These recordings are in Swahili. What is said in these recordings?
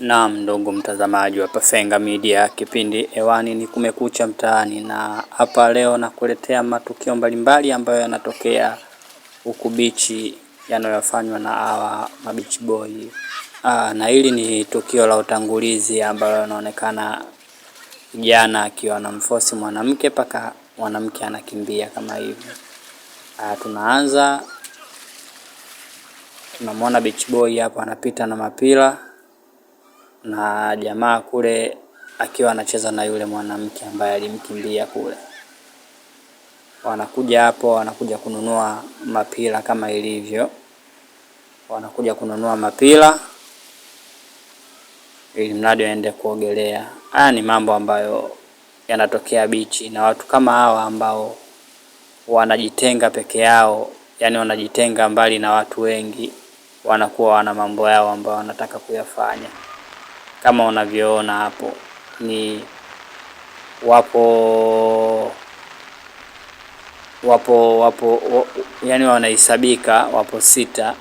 Naam, ndugu mtazamaji wa Pafenga Media, kipindi hewani ni Kumekucha Mtaani, na hapa leo nakuletea matukio mbalimbali ambayo yanatokea huku bichi, yanayofanywa na hawa mabichi boy. Aa, na hili ni tukio la utangulizi ambalo inaonekana kijana akiwa anamfosi mwanamke mpaka mwanamke anakimbia kama hivi. Aa, tunaanza tunamwona bichi boy hapo anapita na mapira na jamaa kule akiwa anacheza na yule mwanamke ambaye alimkimbia kule. Wanakuja hapo, wanakuja kununua mapira kama ilivyo, wanakuja kununua mapira ili mradi waende kuogelea. Haya ni mambo ambayo yanatokea bichi, na watu kama hawa ambao wanajitenga peke yao, yani wanajitenga mbali na watu wengi, wanakuwa wana mambo yao ambayo wanataka kuyafanya kama unavyoona hapo ni wapo wapo wapo yani wanahesabika wapo sita.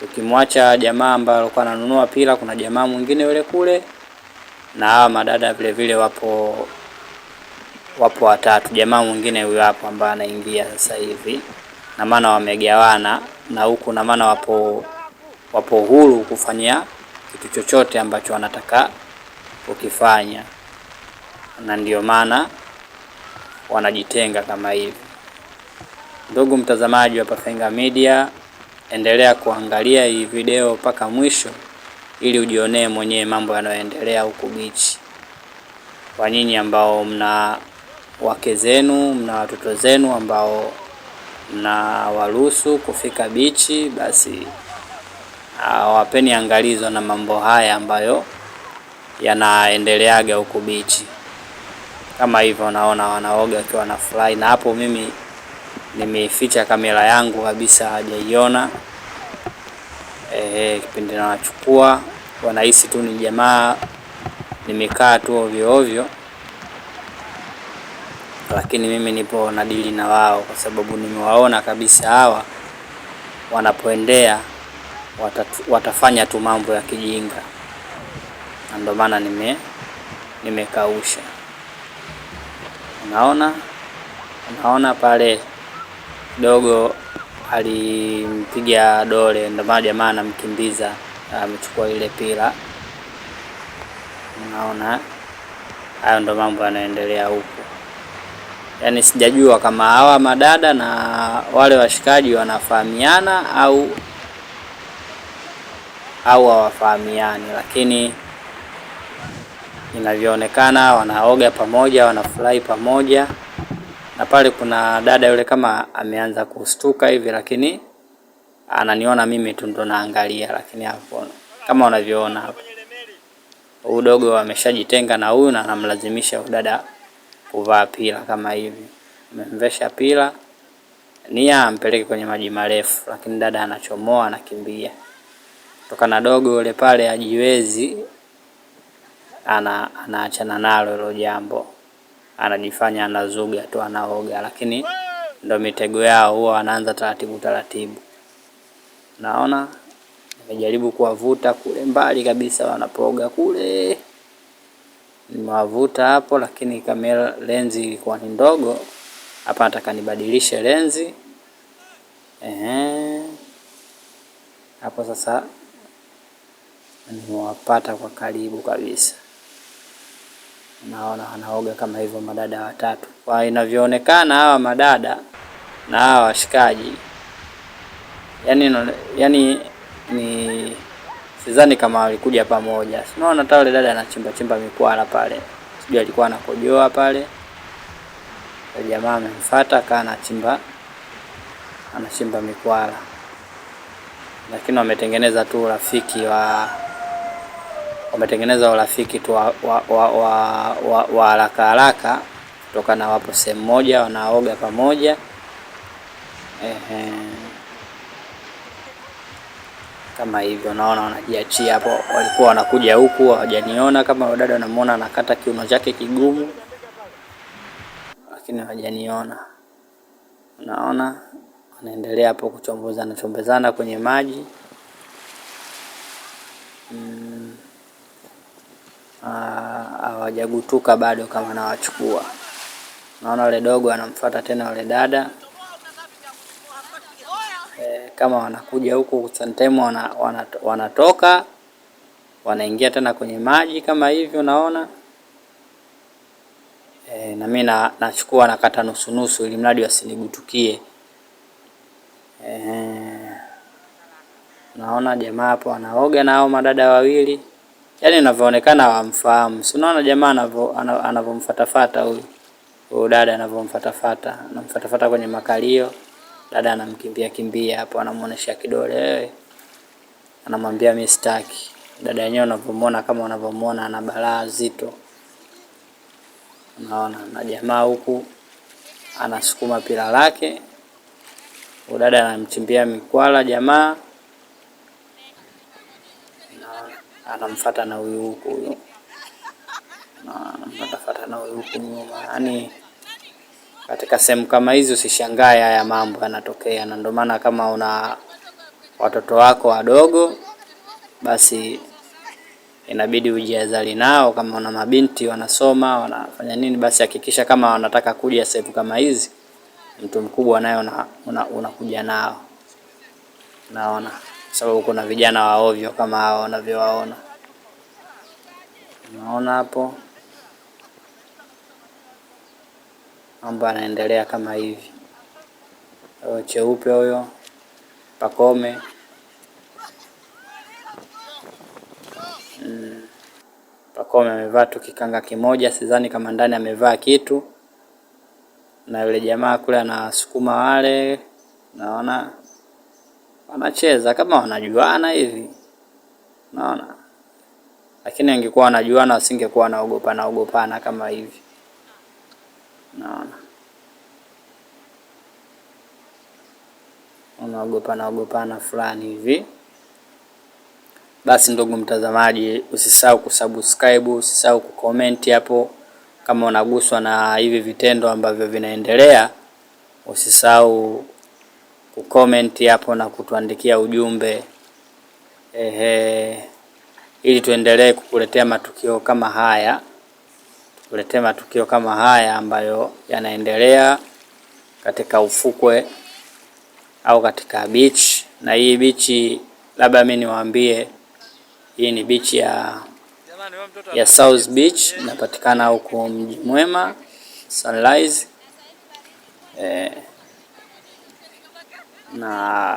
Tukimwacha jamaa ambaye alikuwa ananunua pila, kuna jamaa mwingine yule kule, na hawa madada vile vile wapo wapo watatu. Jamaa mwingine huyo hapo ambaye anaingia sasa hivi, na maana wamegawana na huku, na maana wapo wapo huru kufanyia kitu chochote ambacho wanataka kukifanya, na ndio maana wanajitenga kama hivi. Ndugu mtazamaji wa Pafenga Media, endelea kuangalia hii video mpaka mwisho ili ujionee mwenyewe mambo yanayoendelea huku bichi. Kwa nyinyi ambao mna wake zenu, mna watoto zenu ambao mna waruhusu kufika bichi, basi Ah, wapeni angalizo na mambo haya ambayo yanaendeleaga huku bichi. Kama hivyo naona wanaoga wakiwa wanafurahi, na hapo mimi nimeificha kamera yangu kabisa, hajaiona eh, kipindi nawachukua wanahisi tu ni jamaa nimekaa tu ovyo ovyo, lakini mimi nipo na dili na wao, kwa sababu nimewaona kabisa hawa wanapoendea watat, watafanya tu mambo ya kijinga, na ndio maana nime nimekausha. Unaona, unaona pale dogo alimpiga dole, ndio maana jamaa anamkimbiza, amechukua ile pira. Unaona, hayo ndo mambo yanaendelea huko. Yaani sijajua kama hawa madada na wale washikaji wanafahamiana au au hawafahamiani, lakini inavyoonekana wanaoga pamoja, wanafurahi pamoja, na pale kuna dada yule kama ameanza kustuka hivi, lakini ananiona mimi tu ndo naangalia, lakini hapo kama unavyoona hapo udogo ameshajitenga na huyu na anamlazimisha dada kuvaa pila kama hivi, amemvesha pila nia ampeleke kwenye maji marefu, lakini dada anachomoa, anakimbia kutokana dogo yule pale ajiwezi ana anaachana nalo hilo jambo, anajifanya anazuga tu, anaoga, lakini ndo mitego yao, huwa wanaanza taratibu taratibu. Naona nimejaribu kuwavuta kule mbali kabisa, wanapoga kule, nimewavuta hapo, lakini kamera lenzi ilikuwa ni ndogo. Hapa nataka nibadilishe lenzi. Ehe, hapo sasa nimewapata kwa karibu kabisa. Naona wanaoga kama hivyo madada watatu. Kwa inavyoonekana hawa madada na hawa washikaji, yani yani ni sidhani kama walikuja pamoja. Unaona hata yule dada anachimba chimba mikwala pale, sijui alikuwa anakojoa pale, jamaa amemfuata akaa anachimba anachimba mikwala, lakini wametengeneza tu urafiki wa wametengeneza urafiki tu wa wa, wa, wa, wa haraka kutokana wapo sehemu moja wanaoga pamoja ehe, kama hivyo naona wanajiachia hapo. Walikuwa wanakuja huku hawajaniona, kama wadada wanamuona anakata kiuno chake kigumu, lakini hawajaniona. Naona wanaendelea hapo kuchombozana chombezana kwenye maji mm. Ah, hawajagutuka bado kama nawachukua. Naona yule dogo anamfuata tena yule dada e, kama wanakuja huku sometimes wana, wana, wanatoka wanaingia tena kwenye maji kama hivyo naona e, eh, na mimi na, nachukua nakata nusu nusu ili mradi wasinigutukie. E, naona jamaa hapo anaoga na hao madada wawili yani inavyoonekana hawamfahamu. Si unaona jamaa anavyomfatafata huyu huyu dada anavyomfatafata, anamfatafata kwenye makalio. Dada anamkimbia kimbia hapo, anamuonesha kidole, wewe, eh, anamwambia mimi sitaki. Dada yenyewe unavyomuona, kama unavyomuona, ana balaa zito, unaona. Na jamaa huku anasukuma pila lake, huyu dada anamchimbia mikwala jamaa. anamfata na huyu huku huyo, anamfuata na huyu huku nyuma. Yani katika sehemu kama hizo usishangae haya mambo yanatokea, na ndio maana kama una watoto wako wadogo, basi inabidi ujiazali nao. Kama una mabinti wanasoma wanafanya nini, basi hakikisha kama wanataka kuja sehemu kama hizi, mtu mkubwa naye unakuja una, una nao naona sababu kuna vijana wa ovyo kama hao wanavyowaona, unaona hapo mambo yanaendelea kama hivi. O, cheupe huyo pakome mm. Pakome amevaa tu kikanga kimoja, sidhani kama ndani amevaa kitu, na yule jamaa kule anasukuma wale, naona wanacheza kama wanajuana hivi, unaona. Lakini angekuwa wanajuana wasingekuwa wanaogopana ogopana kama hivi, unaona, wanaogopana ogopana fulani hivi. Basi ndugu mtazamaji, usisahau kusubscribe, usisahau kucomment hapo kama unaguswa na hivi vitendo ambavyo vinaendelea, usisahau kucomment hapo na kutuandikia ujumbe ehe, ili tuendelee kukuletea matukio kama haya, tukuletea matukio kama haya ambayo yanaendelea katika ufukwe au katika beach. Na hii bichi, labda mimi niwaambie, hii ni bichi ya ya South Beach inapatikana huko Mji Mwema Sunrise eh na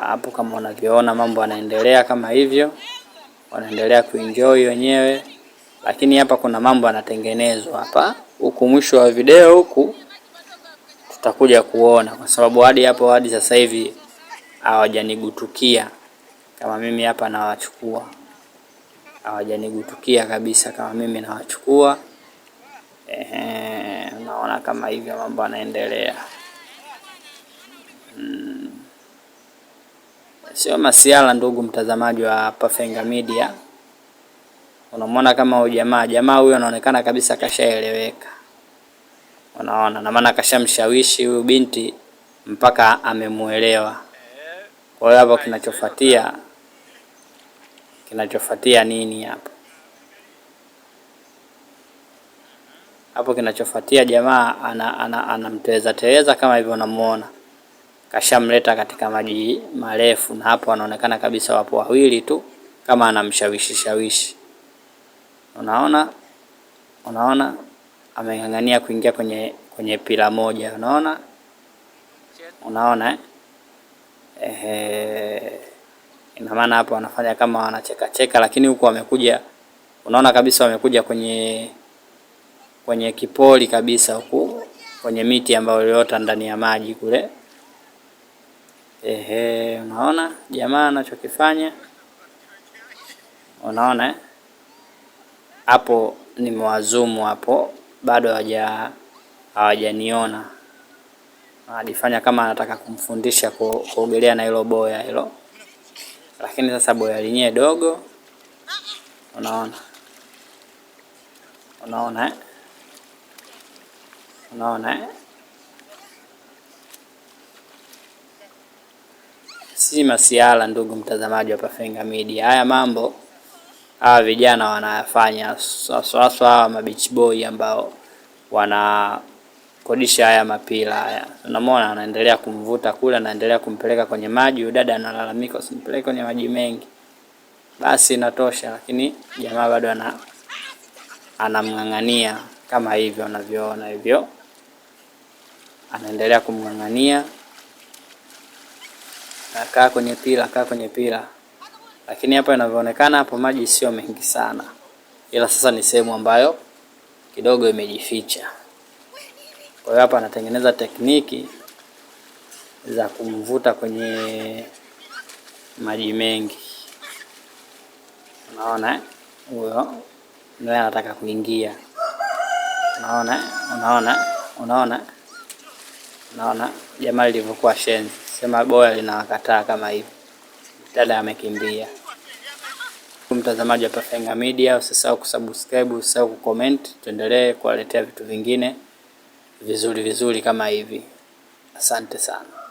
hapo, kama unavyoona mambo yanaendelea kama hivyo, wanaendelea kuenjoy wenyewe, lakini hapa kuna mambo yanatengenezwa hapa. Huku mwisho wa video huku tutakuja kuona, kwa sababu hadi hapo hadi sasa hivi hawajanigutukia kama mimi hapa nawachukua, hawajanigutukia kabisa kama mimi nawachukua. Ehe, naona kama hivyo mambo yanaendelea. Sio masiala, ndugu mtazamaji wa Pafenga Media. Unamwona kama huyu jamaa jamaa huyu anaonekana kabisa kashaeleweka, unaona na maana kashamshawishi huyu binti mpaka amemuelewa. Kwa hiyo hapo kinachofuatia kinachofuatia nini hapo hapo, kinachofuatia jamaa anamteleza ana, ana teleza kama hivyo unamuona kashamleta katika maji marefu, na hapo wanaonekana kabisa wapo wawili tu, kama anamshawishi shawishi. Unaona, unaona ameng'ang'ania kuingia kwenye kwenye pila moja, unaona, unaona eh, ina maana hapo wanafanya kama wanacheka cheka, lakini huku wamekuja, unaona kabisa wamekuja kwenye kwenye kipoli kabisa, huku kwenye miti ambayo iliota ndani ya maji kule. Ehe, unaona jamaa anachokifanya, unaona eh? hapo ni Nimewazumu hapo, bado hawaja hawajaniona. Anajifanya kama anataka kumfundisha kuogelea na hilo boya hilo, lakini sasa boya lenyewe dogo, unaona unaona eh? unaona eh? si masiala, ndugu mtazamaji wa Pafenga Media. Haya mambo hawa vijana wanayafanya swaswa, hawa mabeach boy ambao wanakodisha haya mapila haya, unamwona anaendelea kumvuta kule, anaendelea kumpeleka kwenye maji. Dada analalamika usimpeleke kwenye maji mengi, basi inatosha, lakini jamaa bado ana anamng'ang'ania kama hivyo unavyoona hivyo, anaendelea kumng'ang'ania kaa kwenye pila, kaa kwenye pila. Lakini hapa inavyoonekana hapo maji sio mengi sana, ila sasa ni sehemu ambayo kidogo imejificha. Kwa hiyo hapa anatengeneza tekniki za kumvuta kwenye maji mengi. Unaona huyo ndio anataka kuingia. Unaona, unaona, unaona, unaona jamaa lilivyokuwa shenzi sema boya linawakataa kama hivi. Dada amekimbia. Mtazamaji wa Pafenga Media, usisahau kusubscribe, usisahau kucomment, tuendelee kuwaletea vitu vingine vizuri vizuri kama hivi. Asante sana.